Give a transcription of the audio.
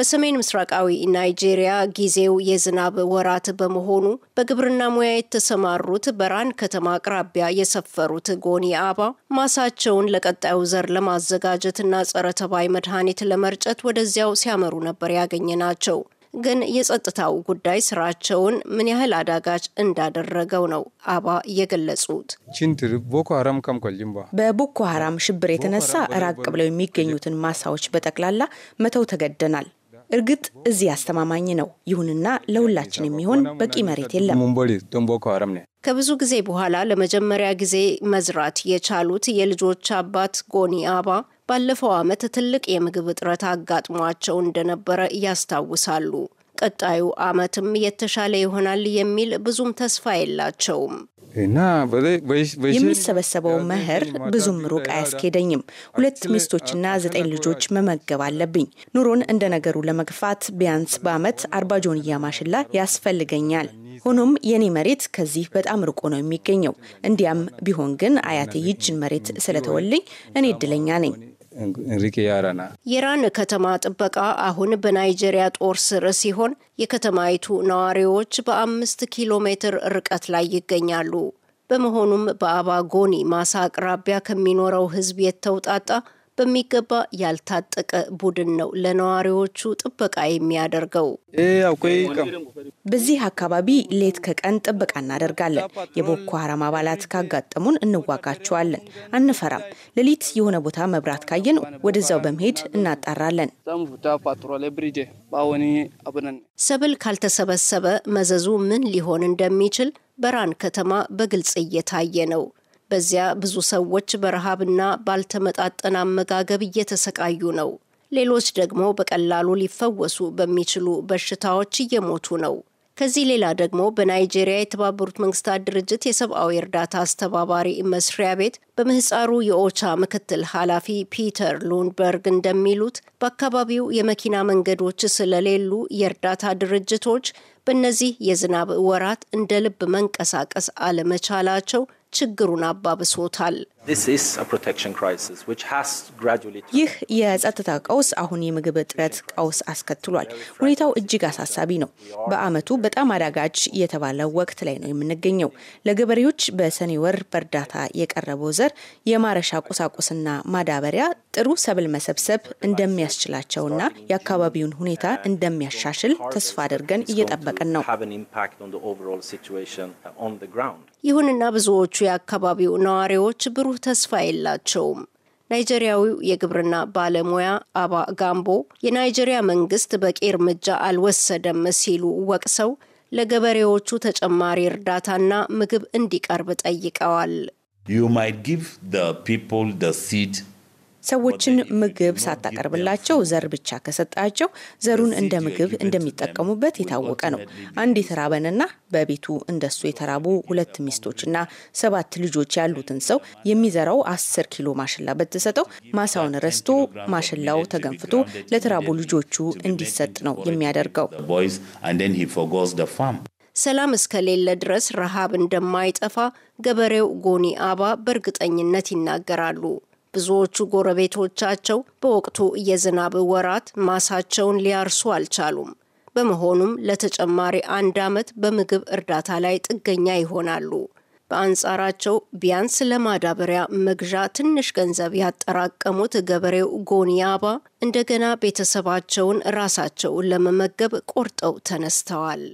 በሰሜን ምስራቃዊ ናይጄሪያ ጊዜው የዝናብ ወራት በመሆኑ በግብርና ሙያ የተሰማሩት በራን ከተማ አቅራቢያ የሰፈሩት ጎኒ አባ ማሳቸውን ለቀጣዩ ዘር ለማዘጋጀትና ጸረ ተባይ መድኃኒት ለመርጨት ወደዚያው ሲያመሩ ነበር ያገኘ ናቸው። ግን የጸጥታው ጉዳይ ስራቸውን ምን ያህል አዳጋች እንዳደረገው ነው አባ የገለጹት። በቦኮ ሀራም ሽብር የተነሳ ራቅ ብለው የሚገኙትን ማሳዎች በጠቅላላ መተው ተገደናል። እርግጥ እዚህ አስተማማኝ ነው። ይሁንና ለሁላችን የሚሆን በቂ መሬት የለም። ከብዙ ጊዜ በኋላ ለመጀመሪያ ጊዜ መዝራት የቻሉት የልጆች አባት ጎኒ አባ ባለፈው ዓመት ትልቅ የምግብ እጥረት አጋጥሟቸው እንደነበረ ያስታውሳሉ። ቀጣዩ ዓመትም የተሻለ ይሆናል የሚል ብዙም ተስፋ የላቸውም። የሚሰበሰበው መኸር ብዙም ሩቅ አያስኬደኝም። ሁለት ሚስቶችና ዘጠኝ ልጆች መመገብ አለብኝ። ኑሮን እንደ ነገሩ ለመግፋት ቢያንስ በዓመት አርባ ጆንያ ማሽላ ያስፈልገኛል። ሆኖም የኔ መሬት ከዚህ በጣም ርቆ ነው የሚገኘው። እንዲያም ቢሆን ግን አያቴ ይችን መሬት ስለተወልኝ እኔ እድለኛ ነኝ። እንሪክ ያረና የራን ከተማ ጥበቃ አሁን በናይጄሪያ ጦር ስር ሲሆን የከተማይቱ ነዋሪዎች በአምስት ኪሎ ሜትር ርቀት ላይ ይገኛሉ። በመሆኑም በአባጎኒ ማሳ አቅራቢያ ከሚኖረው ህዝብ የተውጣጣ በሚገባ ያልታጠቀ ቡድን ነው ለነዋሪዎቹ ጥበቃ የሚያደርገው። በዚህ አካባቢ ሌት ከቀን ጥበቃ እናደርጋለን። የቦኮ ሀራም አባላት ካጋጠሙን እንዋጋቸዋለን። አንፈራም። ሌሊት የሆነ ቦታ መብራት ካየን ወደዛው በመሄድ እናጣራለን። ሰብል ካልተሰበሰበ መዘዙ ምን ሊሆን እንደሚችል በራን ከተማ በግልጽ እየታየ ነው። በዚያ ብዙ ሰዎች በረሃብና ባልተመጣጠነ አመጋገብ እየተሰቃዩ ነው። ሌሎች ደግሞ በቀላሉ ሊፈወሱ በሚችሉ በሽታዎች እየሞቱ ነው። ከዚህ ሌላ ደግሞ በናይጄሪያ የተባበሩት መንግስታት ድርጅት የሰብአዊ እርዳታ አስተባባሪ መስሪያ ቤት በምህፃሩ የኦቻ ምክትል ኃላፊ ፒተር ሉንበርግ እንደሚሉት በአካባቢው የመኪና መንገዶች ስለሌሉ የእርዳታ ድርጅቶች በእነዚህ የዝናብ ወራት እንደ ልብ መንቀሳቀስ አለመቻላቸው ችግሩን አባብሶታል። ይህ የጸጥታ ቀውስ አሁን የምግብ እጥረት ቀውስ አስከትሏል። ሁኔታው እጅግ አሳሳቢ ነው። በዓመቱ በጣም አዳጋጅ የተባለ ወቅት ላይ ነው የምንገኘው። ለገበሬዎች በሰኔ ወር በእርዳታ የቀረበው ዘር፣ የማረሻ ቁሳቁስና ማዳበሪያ ጥሩ ሰብል መሰብሰብ እንደሚያስችላቸውና የአካባቢውን ሁኔታ እንደሚያሻሽል ተስፋ አድርገን እየጠበቅን ነው። ይሁንና ብዙዎቹ የአካባቢው ነዋሪዎች ብሩ ብሩህ ተስፋ የላቸውም። ናይጀሪያዊው የግብርና ባለሙያ አባ ጋምቦ የናይጀሪያ መንግስት በቂ እርምጃ አልወሰደም ሲሉ ወቅሰው ለገበሬዎቹ ተጨማሪ እርዳታና ምግብ እንዲቀርብ ጠይቀዋል። You might give ሰዎችን ምግብ ሳታቀርብላቸው ዘር ብቻ ከሰጣቸው ዘሩን እንደ ምግብ እንደሚጠቀሙበት የታወቀ ነው። አንድ የተራበንና በቤቱ እንደሱ የተራቡ ሁለት ሚስቶችና ሰባት ልጆች ያሉትን ሰው የሚዘራው አስር ኪሎ ማሽላ በተሰጠው ማሳውን ረስቶ ማሽላው ተገንፍቶ ለተራቡ ልጆቹ እንዲሰጥ ነው የሚያደርገው። ሰላም እስከሌለ ድረስ ረሃብ እንደማይጠፋ ገበሬው ጎኒ አባ በእርግጠኝነት ይናገራሉ። ብዙዎቹ ጎረቤቶቻቸው በወቅቱ የዝናብ ወራት ማሳቸውን ሊያርሱ አልቻሉም። በመሆኑም ለተጨማሪ አንድ ዓመት በምግብ እርዳታ ላይ ጥገኛ ይሆናሉ። በአንጻራቸው ቢያንስ ለማዳበሪያ መግዣ ትንሽ ገንዘብ ያጠራቀሙት ገበሬው ጎንያባ እንደገና ቤተሰባቸውን ራሳቸውን ለመመገብ ቆርጠው ተነስተዋል።